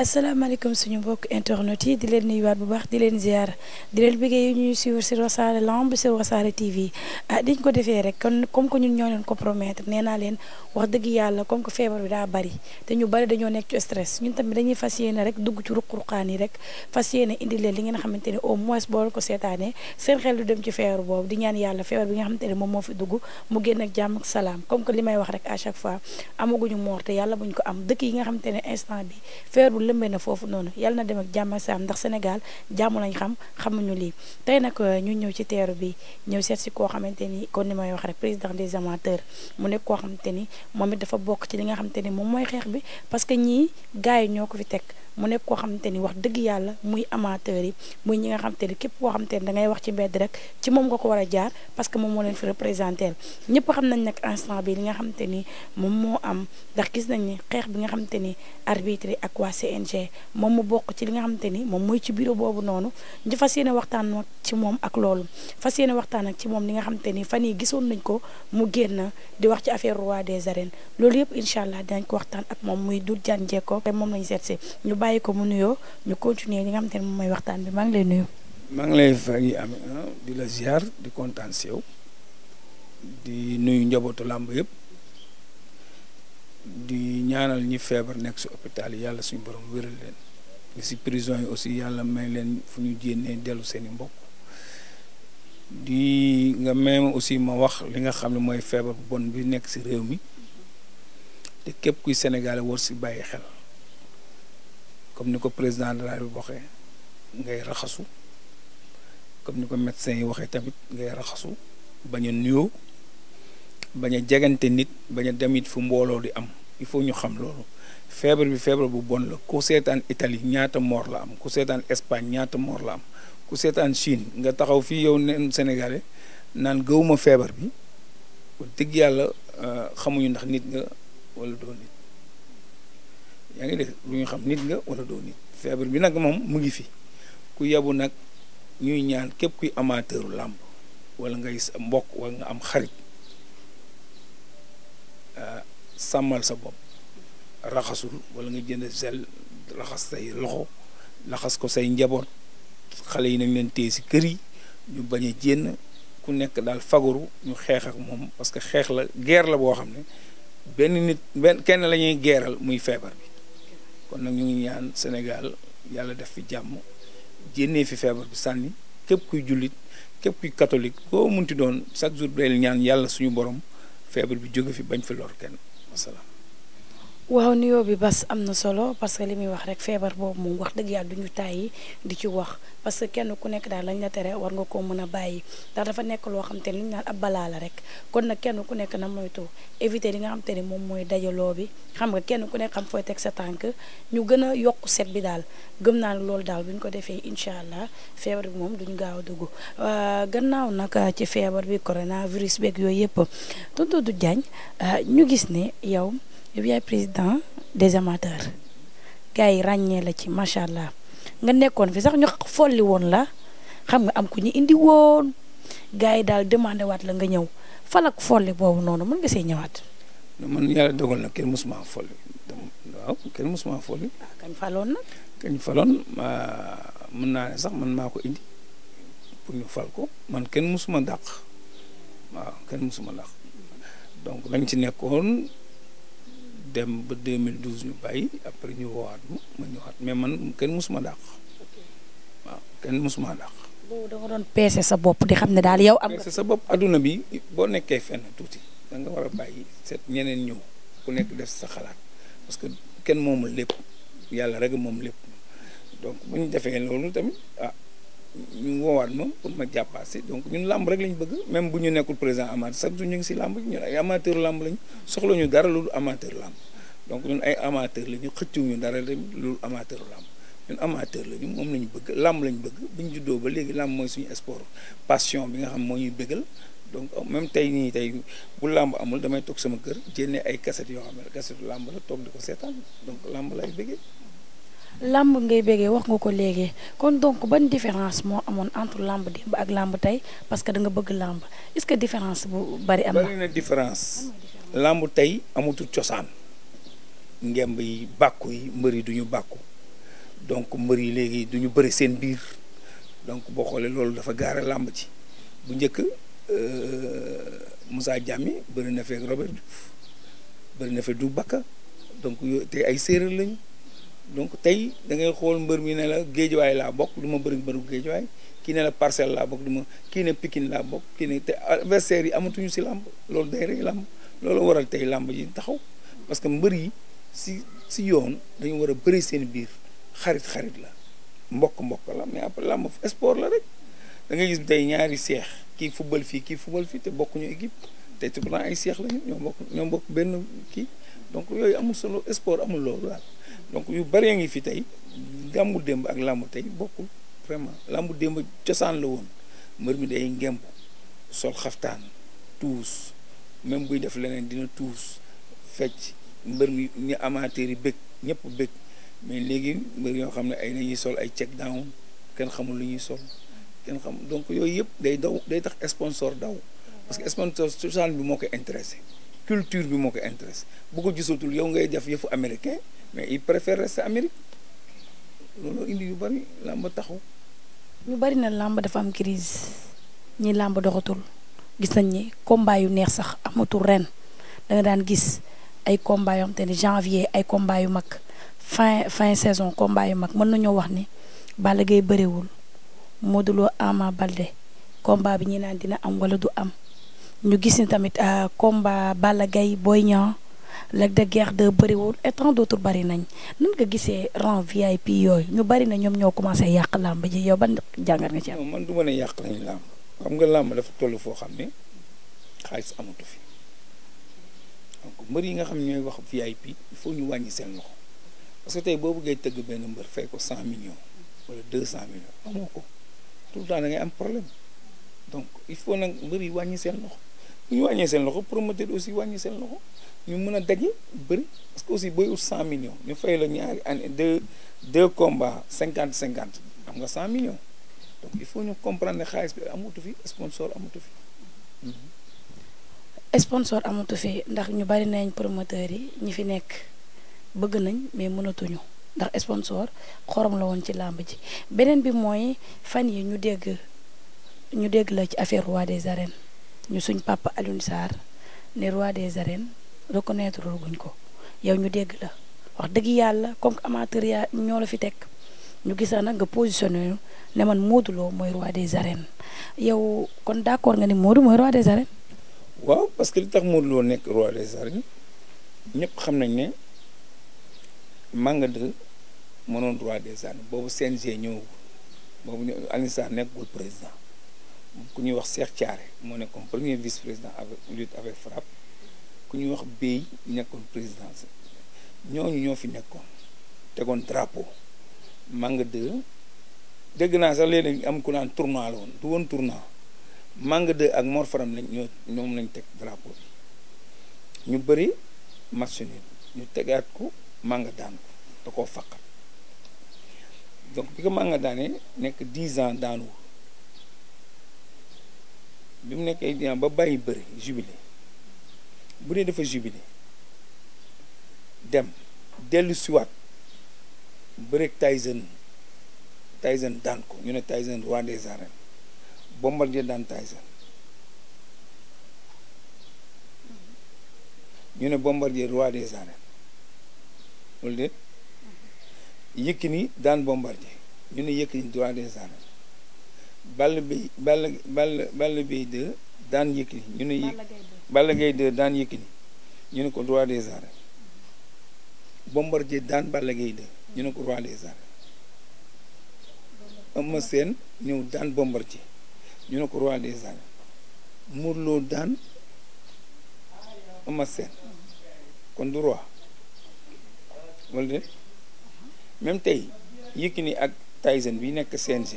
asalaamaaleykum suñu mbokk internet yi di leen nuyuwaat bu baax di leen ziar di leen bëggee yu ñuy suivre sur wasaare lamb sur wasaare TV ah diñ ko defee rek kon comme que ñun ñoo leen ko promettre nee naa leen wax dëgg yàlla comme que feebar bi daa bari te ñu bari dañoo nekk ci stress ñun tamit dañuy fas yéene rek dugg ci ruq-ruqaan yi rek fas yéene indi leen li ngeen xamante ne au moins boo ko seetaanee seen xel du dem ci feebar boobu di ñaan yàlla feebar moom moo fi dugg mu génn ak jàmm ak salaam comme que may wax rek à chaque fois amaguñu moor te yàlla buñ ko am dëkk yi nga xamante ne instant bi lëmbee na foofu noonu yal na dem ak jàmm ak saam ndax Sénégal jàmm lañ xam xamuñu lii tey nag euh, ñu ñëw ci teeru bi ñëw seet si koo xamante ni kon ni may wax rek président des amateurs mu nekk koo xamante ni moom it dafa bokk ci li nga xamante ni moom mooy xeex bi parce que ñii gars yi ñoo ko fi teg mu nekk koo xamante ni wax dëgg yàlla muy amateur yi muy ñi nga xamante ni képp koo xamante ni da ngay wax ci mbedd rek ci moom nga ko war a jaar parce que moom moo leen fi représenté ñëpp xam nañ nag instant bi li nga xamante ni moom moo am ndax gis nañ ni xeex bi nga xamante ni arbitre ak waa CNG moom mu bokk ci li nga xamante ni moom mooy ci bureau boobu noonu ñu fas yéene waxtaan ak ci moom ak loolu fas yéene waxtaan ak ci moom li nga xamante ni fan yi gisoon nañ ko mu génn di wax ci affaire roi des arènes loolu yëpp incha allah dinañ ko waxtaan ak moom muy Doudou Diagne Diécko moom lañu seet si bàyyi ko mu nuyoo ñu continuer li nga xamante ne moom mooy waxtaan bi maa ngi lay nuyu. maa ngi lay fay amee di la ziar di kontaan si yow di nuyu njabootu làmb yëpp di ñaanal ñi feebar nekk si hôpital yàlla suñu borom wéral leen si prison yi aussi yàlla may leen fu ñu jénnee dellu seeni mbokk di nga même aussi ma wax li nga xam ne mooy feebar bu bon bi nekk si réew mi te képp kuy sénégale war si bàyyi xel. comme ni ko président de la République waxee ngay raxasu comme ni ko médecin yi waxee tamit ngay raxasu bañ a nuyoo bañ a jegante nit bañ a dem it fu mbooloo di am il faut ñu xam loolu feebar bi feebar bu bon la ku seetaan Italie ñaata moor la am ku seetaan Espagne ñaata moor la am ku seetaan Chine nga taxaw fii yow neen Sénégalais naan gëwuma feebar bi dëgg yàlla euh, xamuñu ndax nit nga wala doo nit yaa ngi dégg lu ñu xam nit nga wala doo nit feebar bi nag moom mu ngi fi ku yebu nag ñuy ñaan képp kuy amateur làmb wala ngay mbokk wala nga am xarit euh, sàmmal sa bopp raxasul wala nga jënd sel raxas say loxo laxas ko say njaboot xale yi nañ leen téye si kër yi ñu bañ a jénn ku nekk daal fagaru ñu xeex ak moom parce que xeex la guerre la boo xam ne benn nit benn kenn lañuy ñuy geeral muy feebar bi kon nag ñu ngi ñaan Sénégal yàlla def fi jàmm génne fi feebar bi sànni képp kuy jullit képp kuy catholique koo munti doon chaque jour day ñaan yàlla suñu borom feebar bi jóge fi bañ fi lor kenn wasalaam waaw nuyoo bi bas am na solo parce que li muy wax rek feebar boobu moom wax dëgg yàlla du tàyyi di ci wax parce que kenn ku nekk daal lañ la tere war nga koo mën a bàyyi dafa nekk loo xam ni ñu naan ab balaa la rek kon nag kenn ku nekk na moytu éviter li nga xam te ni moom mooy dajaloo bi xam nga kenn ku nekk xam fooy teg sa tànk ñu gën a yokk set bi daal gëm naa ne loolu daal bu ñu ko defee incha allah feebar bi moom duñu gaaw a dugg gannaaw nag ci feebar bi coronavirus beeg yooyu yëpp tonton du Diagne ah, ñu gis ne yow. yow yaay président des amateurs gars yi ràññee la ci macha allah nga nekkoon fi sax ñu folli woon la xam nga am ku ñu indi woon gars yi daal demande waat la nga ñëw falak folli boobu noonu mën nga see ñëwaat. man yàlla dogal na kenn musuma folli waaw kenn musuma folli. Ah, kañ faloon na. kañ faloon mën naa ne sax man maa ko indi pour ñu fal ko man kenn musuma dàq waaw kenn musuma dàq donc lañ ci nekkoon. dem ba 2012 ñu bàyyi après ñu woowaat ma ma ñëwaat mais man kenn mosuma dàq waaw kenn mosuma dàq. boobu doon peese sa bopp di xam ne daal yow. am nga sa bopp adduna bi boo nekkee fenn tuuti da nga war a bàyyi seet ñeneen ñëw ku nekk def sa xalaat parce que kenn moomul lépp yàlla rek moom lépp donc bu ñu defee loolu tamit ah. ñu woowaat ma pour ma jàppaase donc ñun làmb rek lañ bëgg même bu ñu nekkul président amateur chaque jour ñu ngi si làmb ñu làmb lañ soxla ñu dara loolu amateur donc ñun ay amateur la ñu xëccu ñu dara tamit loolu amateur làmb ñun amateur la moom la ñu bëgg làmb lañu bëgg bu ñu ba léegi làmb mooy suñu sport passion bi nga xam moo ñuy bëggal donc même tey nii tey bu làmb amul damay toog sama kër jénne ay kaset yoo xam ne kasetu làmb la toog di ko seetaan donc làmb lay làmb ngay bëggee wax nga ko léegi kon donc ban différence moo amoon entre làmb démb ak làmb tey parce que danga bëgg làmb est-ce que différence bu bari am na. bari na différence làmb tey amatul cosaan. ngemb yi bàkku yi mbër yi du ñu bàkku donc mbër yi léegi du ñu bëri seen biir donc boo xoolee loolu dafa gaara làmb ci bu njëkk euh, Moussa Diame bëri na feeg Robert Diouf bëri na feeg du bakka donc yooyu te ay séeréer donc tey dangay xool mbër mi ne la géejuwaay laa bokk du ma bëri mbëru géejuwaay kii ne la parcelle laa bokk du ma kii ne Pikine laa bokk kii ne te adversaires yi amatuñu si làmb loolu day rey làmb loolu waral tey làmb ji taxaw parce que mbër yi si si yoon dañu war a bëri seen biir xarit xarit la mbokk mbokk la mais après làmb sport la rek da nga gis tey ñaari seex kii football fii kii football fii te bokkuñu équipe te te pourtant ay seex lañu ñoo ñoo bokk benn kii donc yooyu amul solo sport amul loolu donc yu bëree ngi fi tey làmbu démb ak làmbu tey bokkul vraiment làmbu démb cosaan la woon mbër mi day ngemb sol xaftaan tuus même buy def leneen dina tuus fecc mbër mi ñu amateur yi bëgg ñëpp bëgg mais léegi mbër yoo xam ne ay nañuy sol ay check down kenn xamul lu ñuy sol kenn xam donc yooyu yëpp day dow day tax sponsor daw parce que sponsor social bi moo ko intéressé culture bi moo ko intéressé bu ko gisatul yow ngay def yëfu américain mais il préfère rester Amérique loolu indi yu bari làmb taxaw. ñu bari na làmb dafa am crise ñi làmb doxatul gis nañ ni combat yu neex sax amatul ren da daan gis. ay combat yoo xam te ay combat yu mag fin fin saison combat yu mag mën nañoo wax ni Balla Gaye bëriwul Modou Lo Ama Baldé combat bi ñi naan dina am wala du am ñu gis ni tamit euh, combat Balla Gaye Boy Niang Lac de Guiers 2 bëriwul et tant d'autres bëri nañ nan nga gisee rang VIP yooyu ñu bëri na ñoom ñoo commencé yàq làmb ji yow ban jàngat nga ci am. man du mën a yàq nañ làmb xam nga làmb dafa toll foo xam ne xaalis amatu fi. donc mbër yi nga xam ñooy wax VIP il faut ñu wàññi seen loxo parce que tey boo bëggee tëgg benn mbër fay ko cent millions wala deux cent millions amoo ko tout le temps da am problème donc il faut nag mbër yi wàññi seen loxo ñu wàññee seen loxo promoteur aussi wàññi seen loxo ñu mën a daje bëri parce que aussi booy ut cent ñu fay la ñaari année deux deux combats cinquante cinquante am nga cent millions faut ñu comprendre xaalis bi amatu fi sponsor amatu fi. sponsor amatu fi ndax ñu bari nañ promoteurs yi ñi fi nekk bëgg nañ mais mënatuñu ndax sponsor xorom la woon ci làmb ji beneen bi mooy fan yi ñu dégg ñu dégg la ci affaire roi des arènes ñu suñ papa Alioune Sarr ne roi des arènes reconnaître guñ ko yow ñu dégg la wax dëgg yàlla comme que amateur yaa ñoo la fi teg ñu gis nag nga positionné ne man Modou mooy roi des arènes yow kon d'accord nga ni Modou mooy roi des arènes. waaw parce que li tax Modou Lo nekk roi des arènes ñëpp xam nañ ne Manga 2 mënoon roi des arènes boobu CNG ñëwagul boobu Alioune Sarr nekkul président ku ñuy wax Cheikh Thiaré moo nekkoon premier vice président avec lutte avec frappe ku ñuy wax Bey nekkoon président ñooñu ñoo fi nekkoon tegoon drapeau Manga 2 dégg naa sax léeg am ku naan tournoi la woon du woon tournoi. màng 2 ak Mor Faram lañ ñoo ñoom lañ teg drapeau bi ñu bëri match nul ñu tegaat ko Manga daan ko da koo faqat donc bi ko Manga daanee nekk 10 ans daanu bi mu nekkee dina ba bàyyi bëri jubilé bu dee dafa jubilé dem dellu siwaat bëreeg Tyson Tyson daan ko ñu ne Tyson roi des arènes Bombardier daan Tyson ñu ne Bombardier roi des arènes wala déet Yékini daan Bombardier ñu ne Yékini roi des arènes Balla Gaye Balla Balla Balla daan Yékini ñu ne y Balla Gaye 2 daan Yékini ñu ne ko roi des arènes Bombardier daan Balla Gaye 2 ñu ne ko roi des arènes Eumeu Sène ñëw daan Bombardier ñu ne ko roi des arènes Modou daan Eumeu Sène kon du roi wala de même tey Yékini ak Tyson bi nekk CNG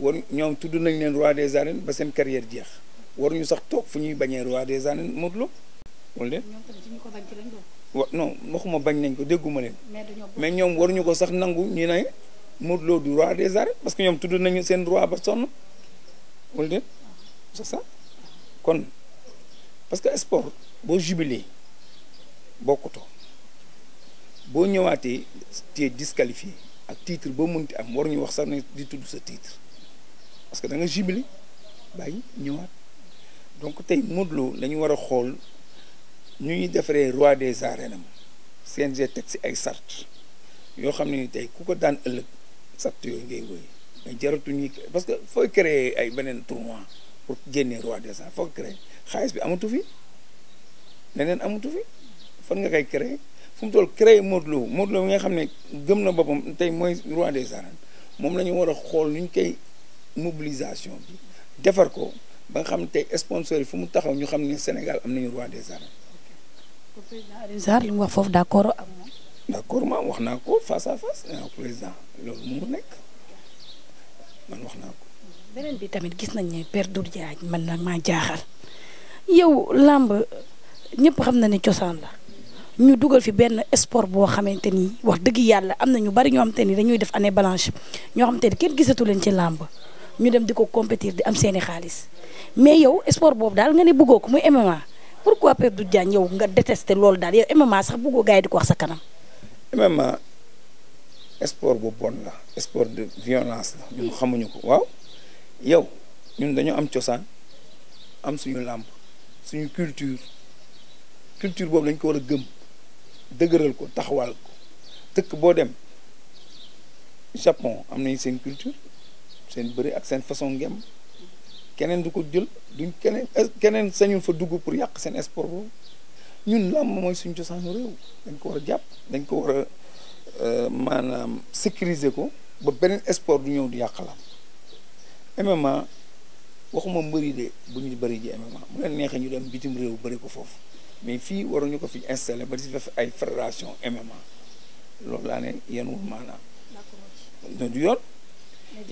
war ñoom tudd nañ leen roi des arènes ba seen carrière jeex war ñu sax toog fu ñuy bañee roi des arènes Modou Lo wala de wa non waxuma bañ nañ ko dégguma leen mais ñoom war ñu ko sax nangu ñu ne Modou Lo du roi des arènes parce que ñoom tudd nañu seen roi ba sonn wala déet c'est kon parce que sport boo jubilé bokkutoo boo ñëwaatee te disqualifié ak titre boo mënti am waruñu wax sax ne di tudd sa titre parce que da nga jubilé bàyyi ñëwaat donc tey Modou Lo la war a xool ñu ñuy defaree roi des arènes am CNG teg si ay sart yoo xam ne ni tey ku ko daan ëllëg sart yooyu ngay wéy mais jaratu ñuy parce que fooy créer ay beneen tournoi pour génnee roi des arènes foo créer xaalis bi amatu fi leneen amatu fi fan nga koy créer fu mu toll créer Modou Lo Modou nga xam ne gëm na boppam tey mooy roi des arènes moom la ñu war xool nu ñu koy mobilisation bi defar ko ba nga xam ne tey sponsor yi fu mu taxaw ñu xam ne Sénégal am nañu roi des arènes. ok président Alioune mu wax foofu d' accord ak moom. d' ma wax naa ko face à face loolu mu nekk. man wax naa beneen bi tamit gis nañ ne Père Doudou Diagne man nag maa jaaxal yow làmb ñëpp xam na ne cosaan la ñu dugal fi benn sport boo xamante ni wax dëgg yàlla am na ñu bari ñoo xamante ni dañuy def année blanche ñoo xamante ni kenn gisatu leen ci làmb ñu dem di ko compétir di am seeni xaalis mais yow sport boobu daal nga ne buggoo ko muy MMA pourquoi Père Doudou Diagne yow nga détesté loolu daal yow MMA sax bëggoo gars di ko wax sa kanam. MMA. sport bu bon la sport de violence la ñun xamuñu ko waaw yow ñun dañoo am cosaan am suñu làmb suñu culture culture boobu dañ ko war a gëm dëgëral ko taxawal ko dëkk boo dem Japon am nañu seen culture seen bëri ak seen façon ngem keneen du ko jël duñ keneen keneen sañul fa dugg pour yàq seen sport boobu ñun làmb mooy suñ cosaanu réew dañ ko war a jàpp dañ ko war a Euh, maanaam sécuriser ko ba beneen sport du ñëw di yàq la MMA waxuma mbëri de bu ñu bëri ji MMA mu leen neexee ñu dem bitim réew bari ko foofu mais fii waruñu ko fi installé ba di def ay fédération MMA loolu laa ne yan wul maanaam. d'accord du yoon.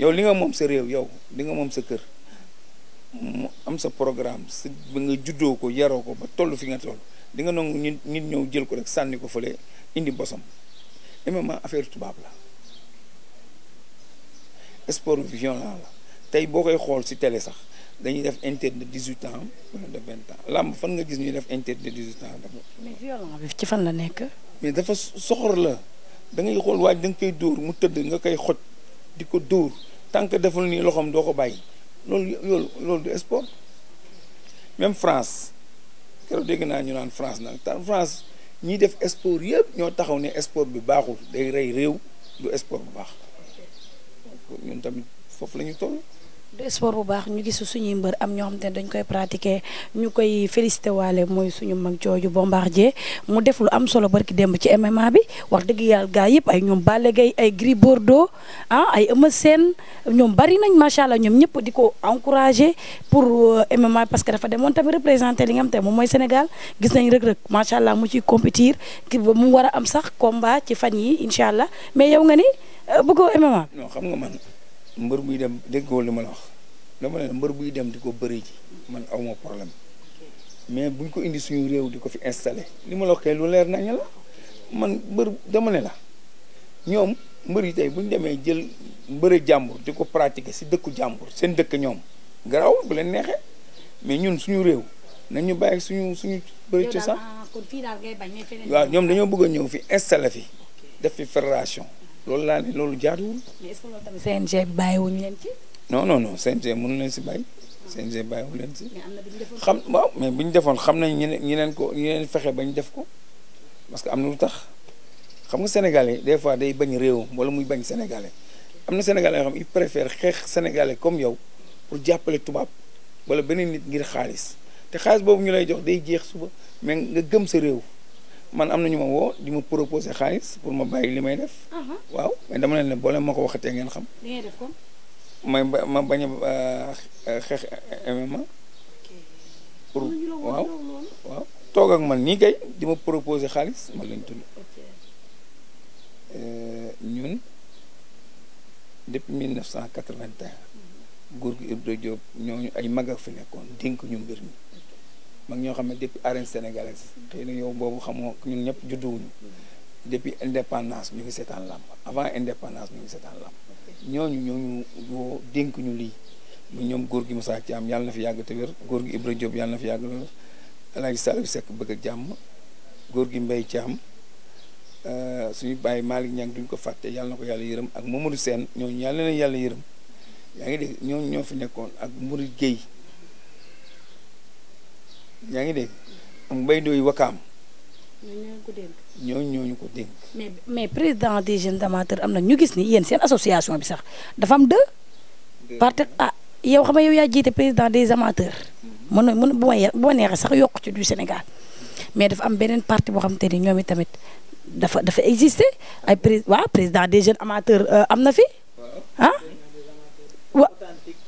yow li nga moom sa réew yow li nga moom sa kër mu am sa programme sa ba nga juddoo ko yaroo ko ba toll fi nga toll di nga nangu nit ñëw jël ko rek sànni ko fële indi bosam. MMA affaire tubaab la sport violent la tey boo koy xool si télé sax dañuy def internet de 18 ans wala de 20 ans làmb fan nga gis ñuy def interdit de 18 ans. mais violent ci fan la nekk. mais dafa soxor la da ngay xool waaj da nga koy dóor mu tëdd nga koy xoj di ko dóor tant que deful nii loxoom doo ko bàyyi loolu loolu loolu du sport même France keroog dégg naa ñu naan France nag France. ñiy def sport yëpp ñoo taxaw ni sport bi baaxul day rey réew du sport bu baax ñoom tamit foofu la ñu toll. du sport bu baax ñu gisu suñuy mbër am ñoo xam te ne dañ koy pratiquer ñu koy félicité waale mooy suñu mag jooju Bombardier mu def lu am solo barki démb ci MMA bi wax dëgg yàlla gaa yëpp ay ñoom Balla Gaye ay Gris Bordeaux ah ay Eumeu Sène ñoom bari nañ macha allah ñoom ñëpp di ko encourager pour euh, MMA parce que dafa demoon tamit représenter li nga xam te moom mooy Sénégal gis nañ Reug Reug macha allah mu ciy compétir ki ba mu war a am sax combat ci fan yi incha allah mais yow nga ni euh, bëggoo MMA. non man. mbër buy dem dégg nga li ma la wax dama ne mbër buy dem di ko bëri ji man aw ma problème mais buñ ko indi suñu réew di ko fi installé li ma la wax lu leer nañ la man mbër dama ne la ñoom mbër yi tey bu ñu demee jël mbëre jàmbur di ko pratiquer si dëkku jàmbur seen dëkk ñoom garaawul bu leen neexee mais ñun suñu réew nañ ñu bàyyi suñu suñu bëri cosaan ah, waaw ñoom dañoo bëgg a ñëw fi installé fi def fi fédération loolu laa ne loolu jaaduwul. mais est-ce que loolu tamit CNG bàyyiwuñu leen ci. non non non CNG mënu leen si bàyyi. CNG bàyyiwuñu leen si. xam mais bu ñu defoon xam nañ ñeneen ñeneen ko ñeneen fexe ba ñu def ko parce que am na lu tax xam nga sénégalais des fois day bañ réewam wala muy bañ sénégalais am na sénégalais yoo xam il préfère xeex sénégalais comme yow pour jàppale tubaab wala beneen nit ngir xaalis te xaalis boobu ñu lay jox day jeex suba mais nga gëm sa réew. man am na ñu ma woo di ma proposé xaalis pour ma bàyyi li may def. waaw mais dama leen ne boole ma ko waxatee ngeen xam. li ngay ma bañ a euh, xeex ma pour waaw waaw toog ak man nii kay di ma proposé xaalis man lañ tudd. Euh, ñun depuis 1981. góor gi Ibra Diop ñooñu ay mag a fi nekkoon dénk ñu mbir mi. mag ñoo xam ne depuis arène sénégalaise xëy na yow boobu xamoo ñun ñëpp judduwuñu depuis indépendance ñu ngi seetaan làmp avant indépendance ñu ngi seetaan làmb ñooñu ñooñu woo dénk ñu lii mu ñoom góor gi Moussa Thiam yàlla na fi yàgg te góor gi Ibra Diop yàlla na fi yàgg la wér El Hadj bëgg a jàmm góor gi Mbaye Thiam euh, suñu bàyyi Malick Niang duñ ko fàtte yàlla na ko yàlla yërëm ak moom Mamadou Sène ñooñu yàlla na yàlla yërëm yaa ngi dégg ñooñu ñoo fi nekkoon ak Mouride yaa ngi dégg ko dénk. mais mais président des jeunes amateurs am na ñu gis nii yéen seen association bi sax dafa am deux. parce que ah yow xama nga yow yaa jiite président des amateurs. Mm-hmm. mën na mën bu ma ye neexee sax yokk ci du Sénégal mm-hmm. mais dafa am beneen parti boo xamante ni ñoom itamit dafa dafa exister ay prés waaw président des jeunes amateurs euh, am na fi ah.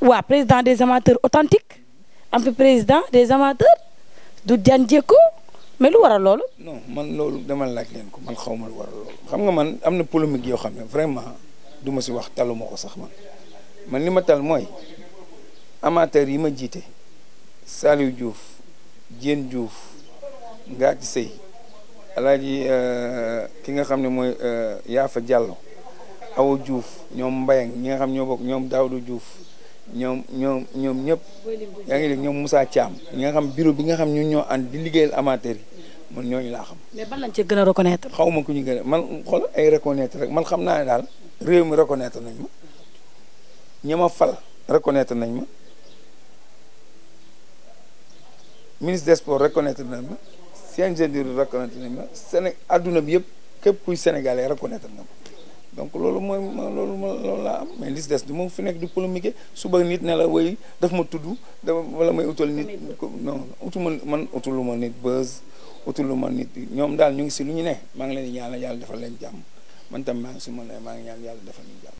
wa président des amateurs authentique mm-hmm. am fi président des amateurs. du daan jékku mais lu waral loolu. non man loolu dama laaj leen ko man xaw ma lu waral loolu xam nga man am na polémique yoo xam ne vraiment du ma si wax talu ma ko sax man man li ma tal mooy amateur yi ma jiite Saliou Diouf Diène Diouf Ngathie Seye alaaji euh, ki nga xam ne mooy euh, Yaafa Diallo Awa juuf ñoom Mbayang ñi nga xam ñoo bokk ñoom Daoudou Diouf. ñoom ñoom ñoom ñëpp yaa ngi dégg ñoom Moussa Thiam ñi nga xam bureau bi nga xam ñu ñoo ànd di liggéeyal amateur yi man ñooñu laa xam. mais ban lañ ci gën a reconnaître. xaw ma ku ñu gën a man xool ay reconnaître rek man xam naa ne daal réew mi reconnaître nañ ma ña ma fal reconnaître nañ ma ministre des sports reconnaître nañ ma CNG reconnaître nañ ma Séné adduna bi yëpp képp kuy sénégalais reconnaître na ma. donc loolu mooy loolu loolu laa am mais li si des du ma fi nekk di polémique suba nit ne la way daf ma tudd dafa wala may utal nit non utu ma man utulu ma nit buzz utulu ma nit ñoom daal ñu ngi si lu ñu ne maa ngi leen di ñaanal yàlla defal leen jàmm man tam maa ngi si ma ne maa ngi ñaan yàlla defal ñu jàmm